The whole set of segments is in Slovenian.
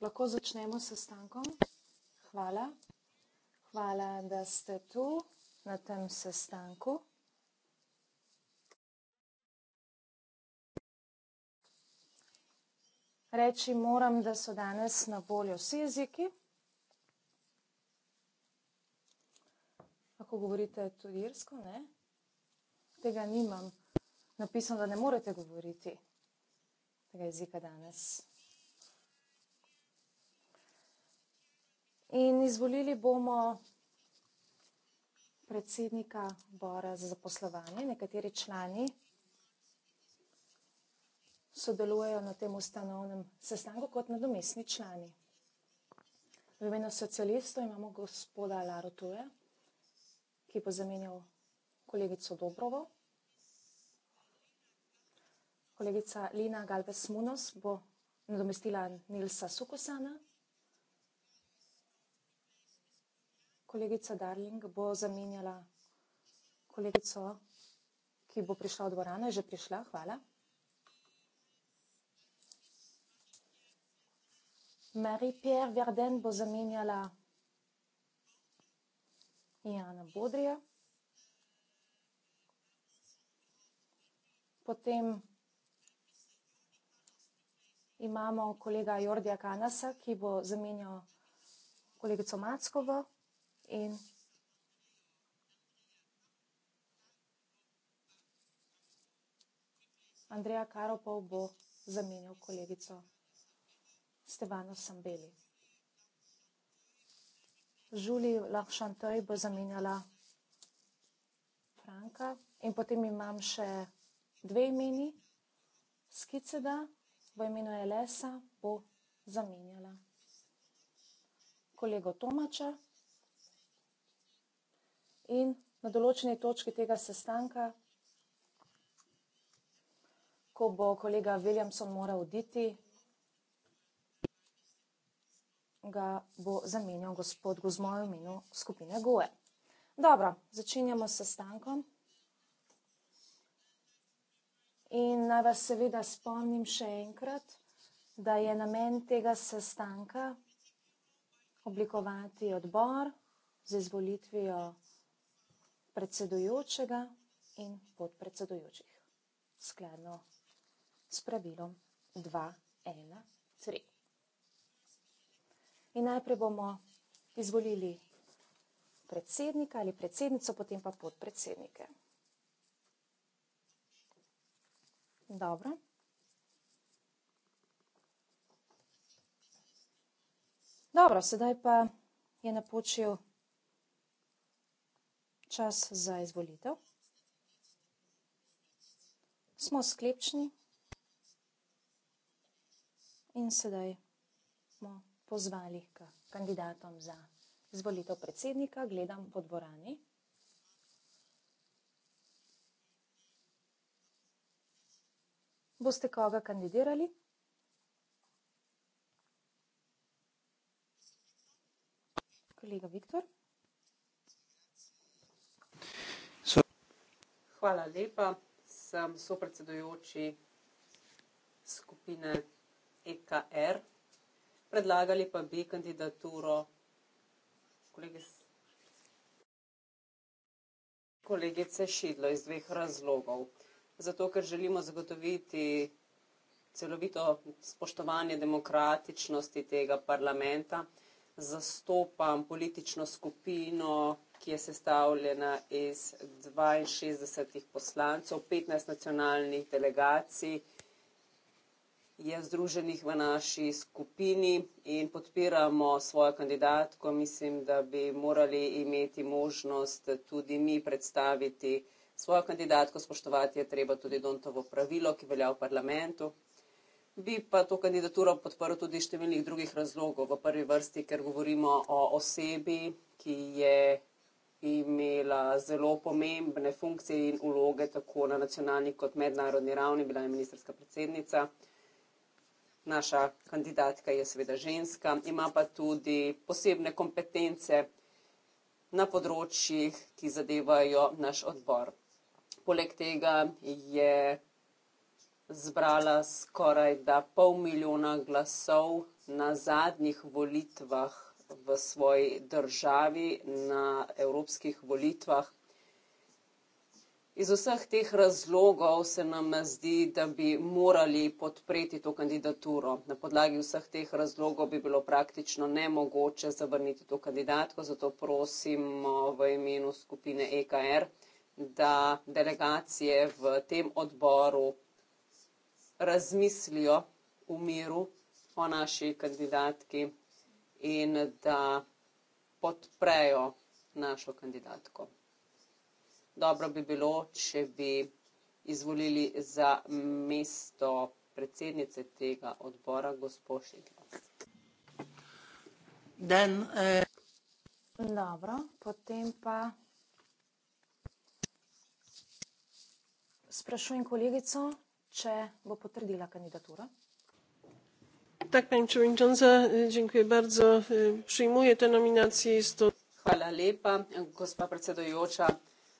Lahko začnemo s sestankom? Hvala. Hvala, da ste tu na tem sestanku. Reči moram, da so danes na voljo vsi jeziki. Lahko govorite tudi irsko, ne? Tega nimam. Napisano, da ne morete govoriti tega jezika danes. In izvolili bomo predsednika Bora za zaposlovanje. Nekateri člani sodelujejo na tem ustanovnem sestanku kot nadomestni člani. V imenu socialistov imamo gospoda Laro Tuje, ki bo zamenjal kolegico Dobrovo. Kolegica Lina Galvez-Munoz bo nadomestila Nilsa Sukosana. Kolegica Darling bo zamenjala kolegico, ki bo prišla v dvorano. Je že prišla, hvala. Marie-Pierre Verden bo zamenjala Jana Bodrija. Potem imamo kolega Jordija Kanasa, ki bo zamenjal kolegico Mackovo. In Andreja Karopov bo zamenjal kolegico Stevano Sambeli. Žuli Lahšantoj bo zamenjala Franka. In potem imam še dve imeni, Skiceda, v imenu LS-a bo zamenjala kolego Tomača in na določeni točki tega sestanka, ko bo kolega Williamson moral oditi, ga bo zamenjal gospod Guzmoj v imenu skupine GUE. Dobro, začenjamo s sestankom. In naj vas seveda spomnim še enkrat, da je namen tega sestanka oblikovati odbor z izvolitvijo predsedujočega in podpredsedujočih, skladno s pravilom 2.1.3. In najprej bomo izvolili predsednika ali predsednico, potem pa podpredsednike. Dobro. Dobro, sedaj pa je napočil čas za izvolitev. Smo sklepčni in sedaj smo pozvali k kandidatom za izvolitev predsednika, gledam po dvorani. boste koga kandidirali? Kolega Viktor. So. Hvala lepa. Sem sopredsedujoči skupine EKR. Predlagali pa bi kandidaturo kolegice Šidlo iz dveh razlogov zato ker želimo zagotoviti celovito spoštovanje demokratičnosti tega parlamenta, zastopam politično skupino, ki je sestavljena iz 62 poslancev, 15 nacionalnih delegacij je združenih v naši skupini in podpiramo svojo kandidatko. Mislim, da bi morali imeti možnost tudi mi predstaviti svojo kandidatko, spoštovati je treba tudi Dontovo pravilo, ki velja v parlamentu. Bi pa to kandidaturo podprl tudi številnih drugih razlogov. V prvi vrsti, ker govorimo o osebi, ki je imela zelo pomembne funkcije in uloge tako na nacionalni kot mednarodni ravni, bila je ministerska predsednica. Naša kandidatka je seveda ženska, ima pa tudi posebne kompetence na področjih, ki zadevajo naš odbor. Poleg tega je zbrala skoraj da pol milijona glasov na zadnjih volitvah v svoji državi, na evropskih volitvah. Iz vseh teh razlogov se nam zdi, da bi morali podpreti to kandidaturo. Na podlagi vseh teh razlogov bi bilo praktično nemogoče zavrniti to kandidatko, zato prosimo v imenu skupine EKR, da delegacije v tem odboru razmislijo v miru o naši kandidatki in da podprejo našo kandidatko. Dobro bi bilo, če bi izvolili za mesto predsednice tega odbora, gospod Šedla. Dan. Eh. Dobro, potem pa sprašujem kolegico, če bo potrdila kandidaturo. Tak, pani przewodnicząca, dziękuję bardzo. Przyjmuję tę nominację. To... Hvala lepa, gospa predsedujoča.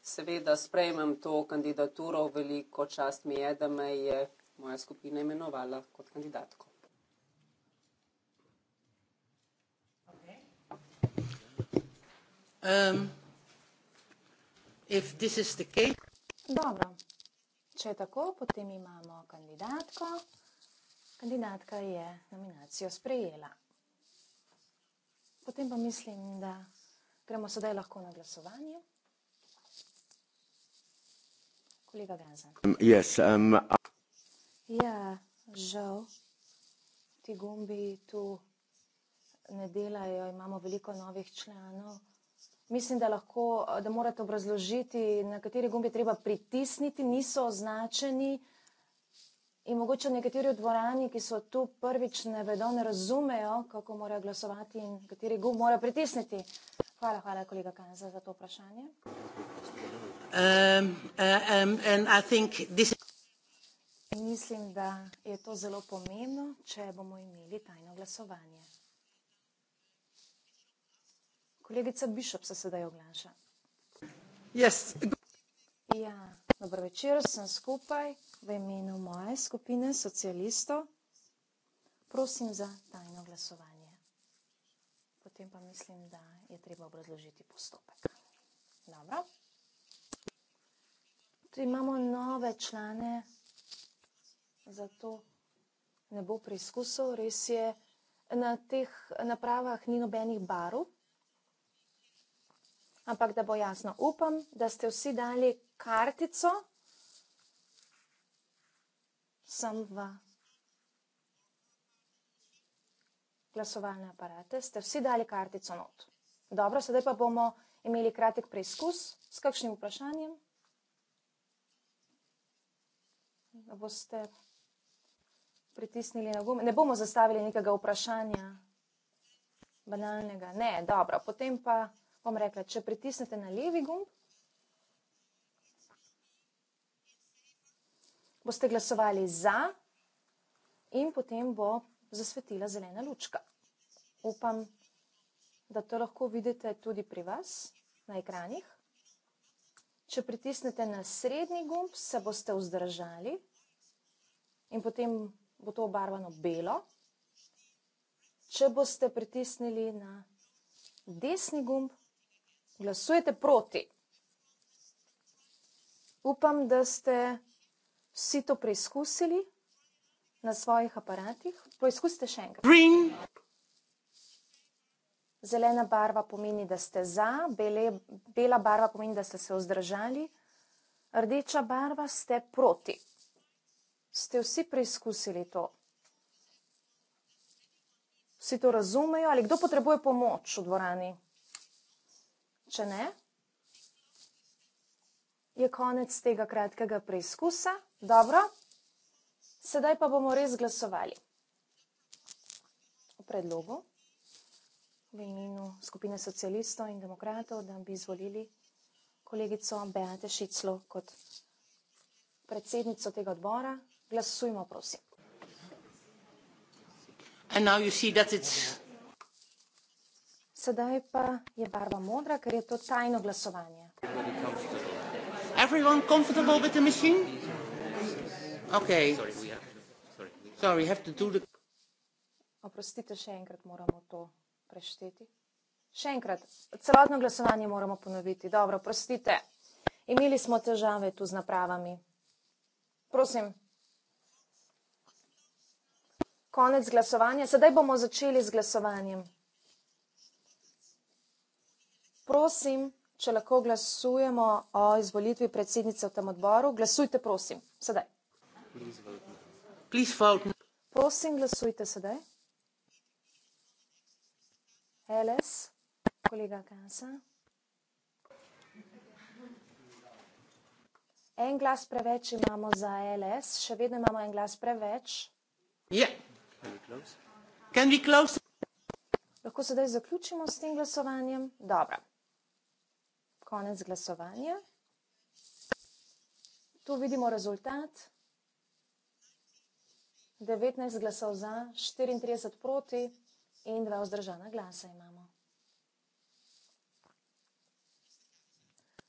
Seveda sprejmem to kandidaturo. Veliko čast mi je, da me je moja skupina imenovala kot kandidatko. Okay. Um, if this is the case... Dobro, Če je tako, potem imamo kandidatko. Kandidatka je nominacijo sprejela. Potem pa mislim, da gremo sedaj lahko na glasovanje. Kolega Gazan. Um, yes, um, ja, žal, ti gumbi tu ne delajo, imamo veliko novih članov mislim, da, lahko, da morate obrazložiti, na kateri gumbi treba pritisniti, niso označeni. In mogoče nekateri v dvorani, ki so tu prvič, ne vedo, ne razumejo, kako morajo glasovati in kateri gumb morajo pritisniti. Hvala, hvala, kolega Kanza, za to vprašanje. Um, uh, um, is... Mislim, da je to zelo pomembno, če bomo imeli tajno glasovanje. Kolegica Bišop se sedaj oglaša. Yes. Ja, dobro večer, sem skupaj v imenu moje skupine socialistov. Prosim za tajno glasovanje. Potem pa mislim, da je treba obrazložiti postopek. Dobro. Tu imamo nove člane, zato ne bo preizkusov. Res je, na teh napravah ni nobenih barov, ampak da bo jasno. Upam, da ste vsi dali kartico, sem v glasovalne aparate, ste vsi dali kartico not. Dobro, sedaj pa bomo imeli kratek preizkus s kakšnim vprašanjem. Da boste pritisnili na gume. Ne bomo zastavili nekega vprašanja banalnega. Ne, dobro, potem pa bom rekla, če pritisnete na levi gumb, boste glasovali za in potem bo zasvetila zelena lučka. Upam, da to lahko vidite tudi pri vas na ekranih. Če pritisnete na srednji gumb, se boste vzdržali in potem bo to obarvano belo. Če boste pritisnili na desni gumb, glasujete proti. Upam, da ste vsi to preizkusili na svojih aparatih. Poizkusite še enkrat. Bring. Zelena barva pomeni, da ste za, bele, bela barva pomeni, da ste se vzdržali, rdeča barva ste proti. Ste vsi preizkusili to? Vsi to razumejo ali kdo potrebuje pomoč v dvorani? Če ne, je konec tega kratkega preizkusa. Dobro, sedaj pa bomo res glasovali o predlogu v imenu skupine socialistov in demokratov, da bi izvolili kolegico Beate Šiclo kot predsednico tega odbora. Glasujmo, prosim. In zdaj vidite, da je. Sedaj pa je barva modra, ker je to tajno glasovanje. Everyone comfortable with the machine? Okay. Sorry, we have to do the... Oprostite, še enkrat moramo to prešteti. Še enkrat, celotno glasovanje moramo ponoviti. Dobro, prostite, imeli smo težave tu z napravami. Prosim. Konec glasovanja. Sedaj bomo začeli z glasovanjem prosim, če lahko glasujemo o izvolitvi predsednice v tem odboru. Glasujte, prosim, sedaj. Prosim, glasujte sedaj. LS, kolega Kansa. En glas preveč imamo za LS, še vedno imamo en glas preveč. Lahko sedaj zaključimo s tem glasovanjem? Dobro konec glasovanja. Tu vidimo rezultat. 19 glasov za, 34 proti in 2 vzdržana glasa imamo.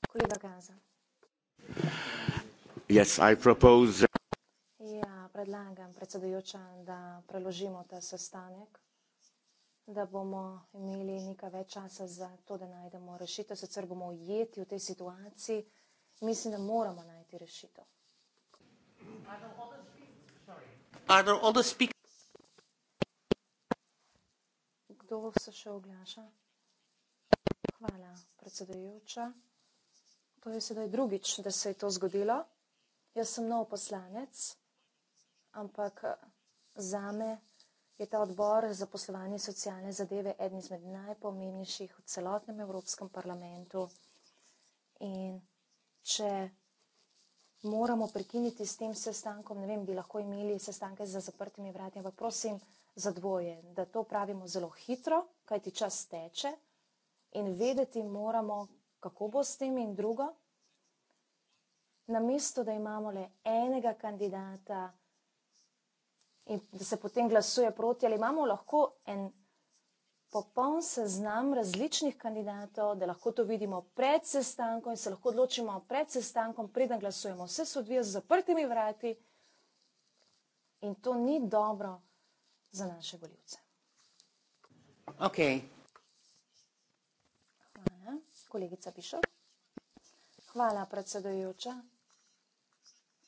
Kolega Gaza. Yes, propose... Ja, predlagam predsedujoča, da preložimo ta sestanek da bomo imeli nekaj več časa za to, da najdemo rešitev, sicer bomo ujeti v tej situaciji. Mislim, da moramo najti rešitev. Kdo se še oglaša? Hvala, predsedujoča. To je sedaj drugič, da se je to zgodilo. Jaz sem nov poslanec, ampak za me je ta odbor za poslovanje socialne zadeve eden izmed najpomembnejših v celotnem Evropskem parlamentu. In če moramo prekiniti s tem sestankom, ne vem, bi lahko imeli sestanke za zaprtimi vrati, ampak prosim za dvoje, da to pravimo zelo hitro, kajti čas teče in vedeti moramo, kako bo s tem in drugo. Namesto, da imamo le enega kandidata, in da se potem glasuje proti, ali imamo lahko en popoln seznam različnih kandidatov, da lahko to vidimo pred sestankom in se lahko odločimo pred sestankom, preden glasujemo. Vse se odvija z zaprtimi vrati in to ni dobro za naše voljivce. Ok. Hvala, kolegica Pišov. Hvala, predsedujoča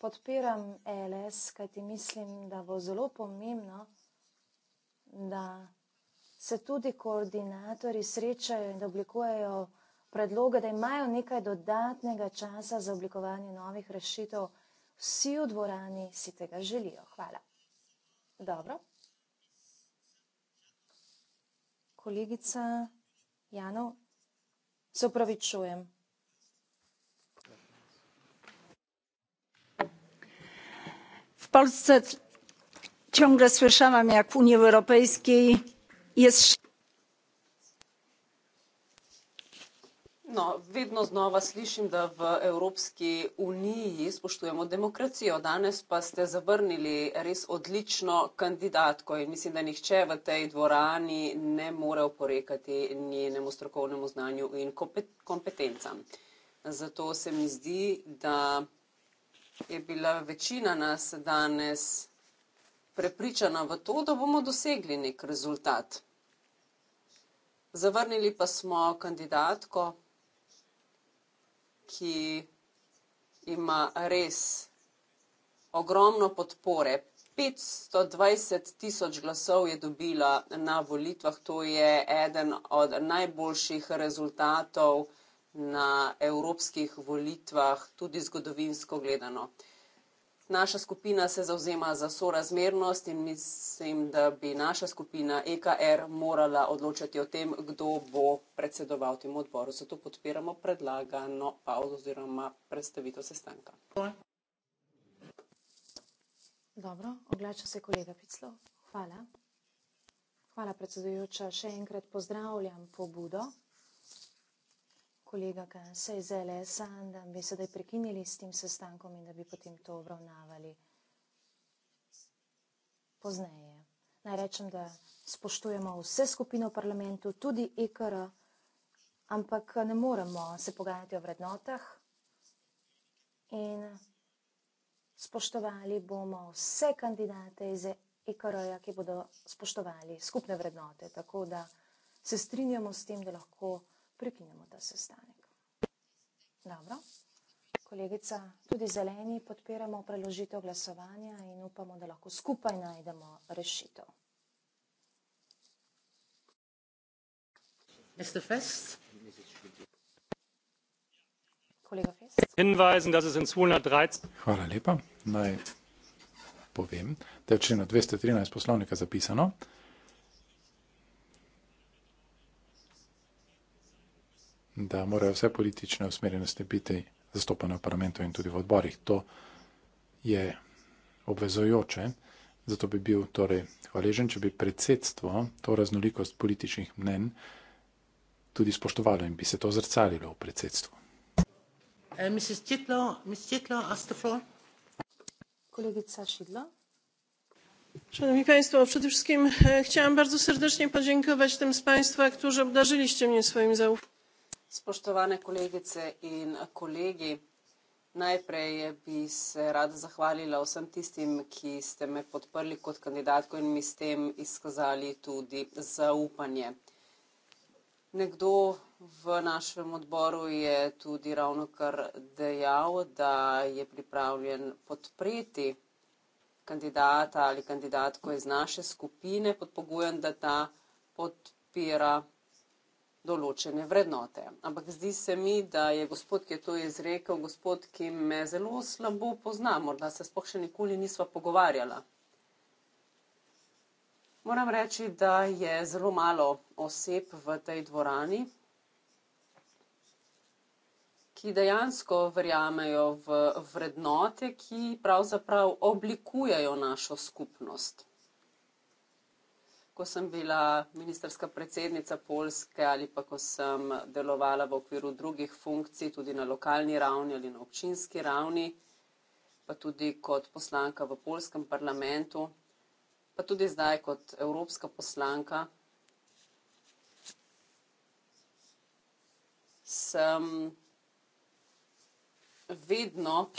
podpiram LS, kajti mislim, da bo zelo pomembno, da se tudi koordinatori srečajo in da oblikujejo predloge, da imajo nekaj dodatnega časa za oblikovanje novih rešitev. Vsi v dvorani si tega želijo. Hvala. Dobro. Kolegica Jano, se upravičujem. polsce ciągle słyszałam jak w unii europejskiej jest. No, vedno znova slišim, da v Evropski uniji spoštujemo demokracijo. Danes pa ste zavrnili res odlično kandidatko in mislim, da nihče v tej dvorani ne more oporekati njenemu strokovnemu znanju in kompetencam. Zato se mi zdi, da je bila večina nas danes prepričana v to, da bomo dosegli nek rezultat. Zavrnili pa smo kandidatko, ki ima res ogromno podpore. 520 tisoč glasov je dobila na volitvah. To je eden od najboljših rezultatov na evropskih volitvah, tudi zgodovinsko gledano. Naša skupina se zauzema za sorazmernost in mislim, da bi naša skupina EKR morala odločati o tem, kdo bo predsedoval temu odboru. Zato podpiramo predlagano pauzo oziroma predstavitev sestanka. Dobro, oglača se kolega Piclov. Hvala. Hvala, predsedujoča. Še enkrat pozdravljam pobudo kolega, ki se je zdaj lesan, da bi sedaj prekinili s tem sestankom in da bi potem to obravnavali pozneje. Naj rečem, da spoštujemo vse skupine v parlamentu, tudi IKR, e ampak ne moremo se pogajati o vrednotah in spoštovali bomo vse kandidate iz IKR, e -ja, ki bodo spoštovali skupne vrednote. Tako da se strinjamo s tem, da lahko prekinjamo ta sestanek. Dobro. Kolegica, tudi zeleni podpiramo preložitev glasovanja in upamo, da lahko skupaj najdemo rešitev. Hvala lepa. Naj povem, da je v členu 213 poslovnika zapisano, da morajo vse politične usmerjenosti biti zastopane v parlamentu in tudi v odborih. To je obvezojoče, zato bi bil torej hvaležen, če bi predsedstvo to raznolikost političnih mnen tudi spoštovalo in bi se to zrcalilo v predsedstvu. Eh, Szanowni Państwo, przede wszystkim eh, chciałam bardzo serdecznie podziękować tym z Państwa, którzy obdarzyliście mnie swoim zaufaniem. Spoštovane kolegice in kolegi, najprej bi se rada zahvalila vsem tistim, ki ste me podprli kot kandidatko in mi s tem izkazali tudi zaupanje. Nekdo v našem odboru je tudi ravno kar dejal, da je pripravljen podpreti kandidata ali kandidatko iz naše skupine pod pogojem, da ta podpira določene vrednote. Ampak zdi se mi, da je gospod, ki je to izrekel, gospod, ki me zelo slabo pozna, morda se sploh še nikoli nisva pogovarjala. Moram reči, da je zelo malo oseb v tej dvorani, ki dejansko verjamejo v vrednote, ki pravzaprav oblikujejo našo skupnost ko sem bila ministerska predsednica Polske ali pa ko sem delovala v okviru drugih funkcij, tudi na lokalni ravni ali na občinski ravni, pa tudi kot poslanka v polskem parlamentu, pa tudi zdaj kot evropska poslanka, sem vedno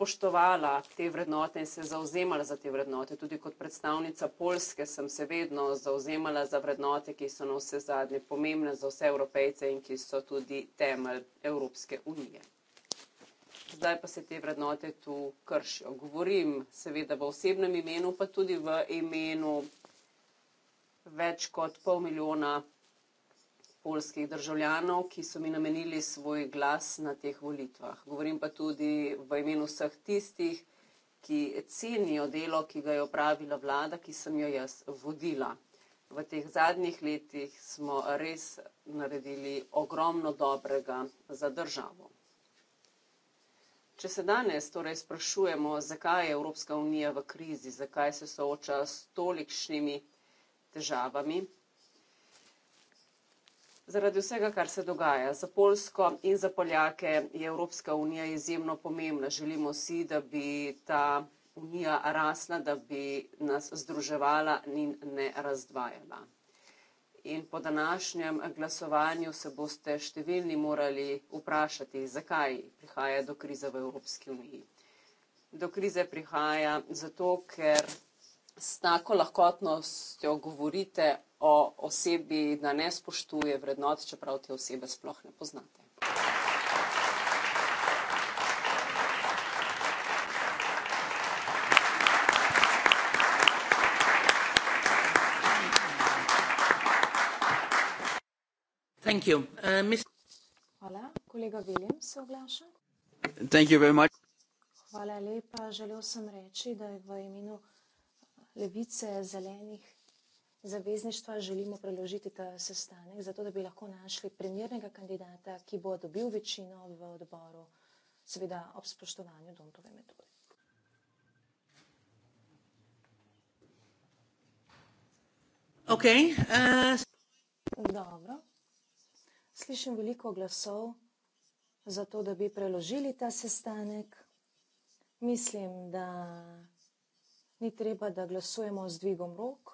spoštovala te vrednote in se zauzemala za te vrednote. Tudi kot predstavnica Polske sem se vedno zauzemala za vrednote, ki so na vse zadnje pomembne za vse evropejce in ki so tudi temelj Evropske unije. Zdaj pa se te vrednote tu kršijo. Govorim seveda v osebnem imenu, pa tudi v imenu več kot pol milijona polskih državljanov, ki so mi namenili svoj glas na teh volitvah. Govorim pa tudi v imenu vseh tistih, ki cenijo delo, ki ga je opravila vlada, ki sem jo jaz vodila. V teh zadnjih letih smo res naredili ogromno dobrega za državo. Če se danes torej sprašujemo, zakaj je Evropska unija v krizi, zakaj se sooča s tolikšnimi težavami, Zaradi vsega, kar se dogaja za Polsko in za Poljake, je Evropska unija izjemno pomembna. Želimo si, da bi ta unija rasla, da bi nas združevala in ne razdvajala. In po današnjem glasovanju se boste številni morali vprašati, zakaj prihaja do krize v Evropski uniji. Do krize prihaja zato, ker s tako lahkotnostjo govorite o osebi, da ne spoštuje vrednot, čeprav te osebe sploh ne poznate. Thank you. Uh, Ms. Hvala, kolega Viljem se oglaša. Thank you very much. Hvala lepa, želel sem reči, da je v imenu levice zelenih zavezništva želimo preložiti ta sestanek, zato da bi lahko našli primernega kandidata, ki bo dobil večino v odboru, seveda ob spoštovanju Dontove metode. Okay, uh... Eh, Dobro. Slišim veliko glasov za to, da bi preložili ta sestanek. Mislim, da ni treba, da glasujemo z dvigom rok.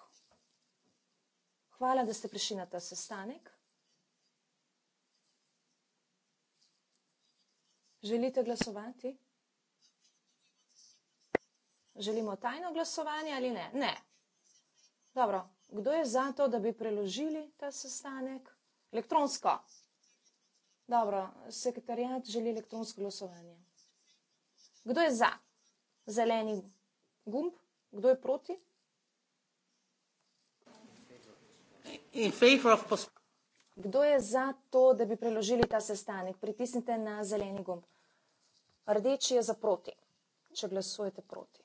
Hvala, da ste prišli na ta sestanek. Želite glasovati? Želimo tajno glasovanje ali ne? Ne. Dobro, kdo je za to, da bi preložili ta sestanek? Elektronsko. Dobro, sekretarjat želi elektronsko glasovanje. Kdo je za? Zeleni gumb. Kdo je proti? Kdo je za to, da bi preložili ta sestanek? Pritisnite na zeleni gumb. Rdeči je za proti, če glasujete proti.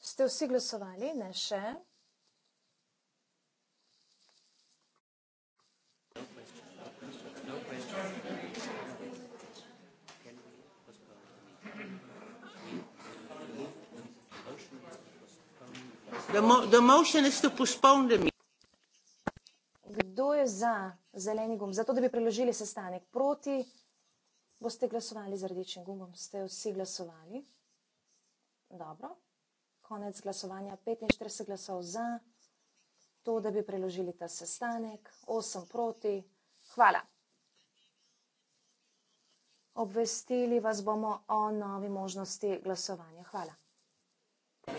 Ste vsi glasovali? Ne še. Kdo je za zeleni gum, zato da bi preložili sestanek proti, boste glasovali z rdečim gumom, ste vsi glasovali. Dobro, konec glasovanja, 45 glasov za to, da bi preložili ta sestanek, 8 proti, hvala. Obvestili vas bomo o novi možnosti glasovanja. Hvala.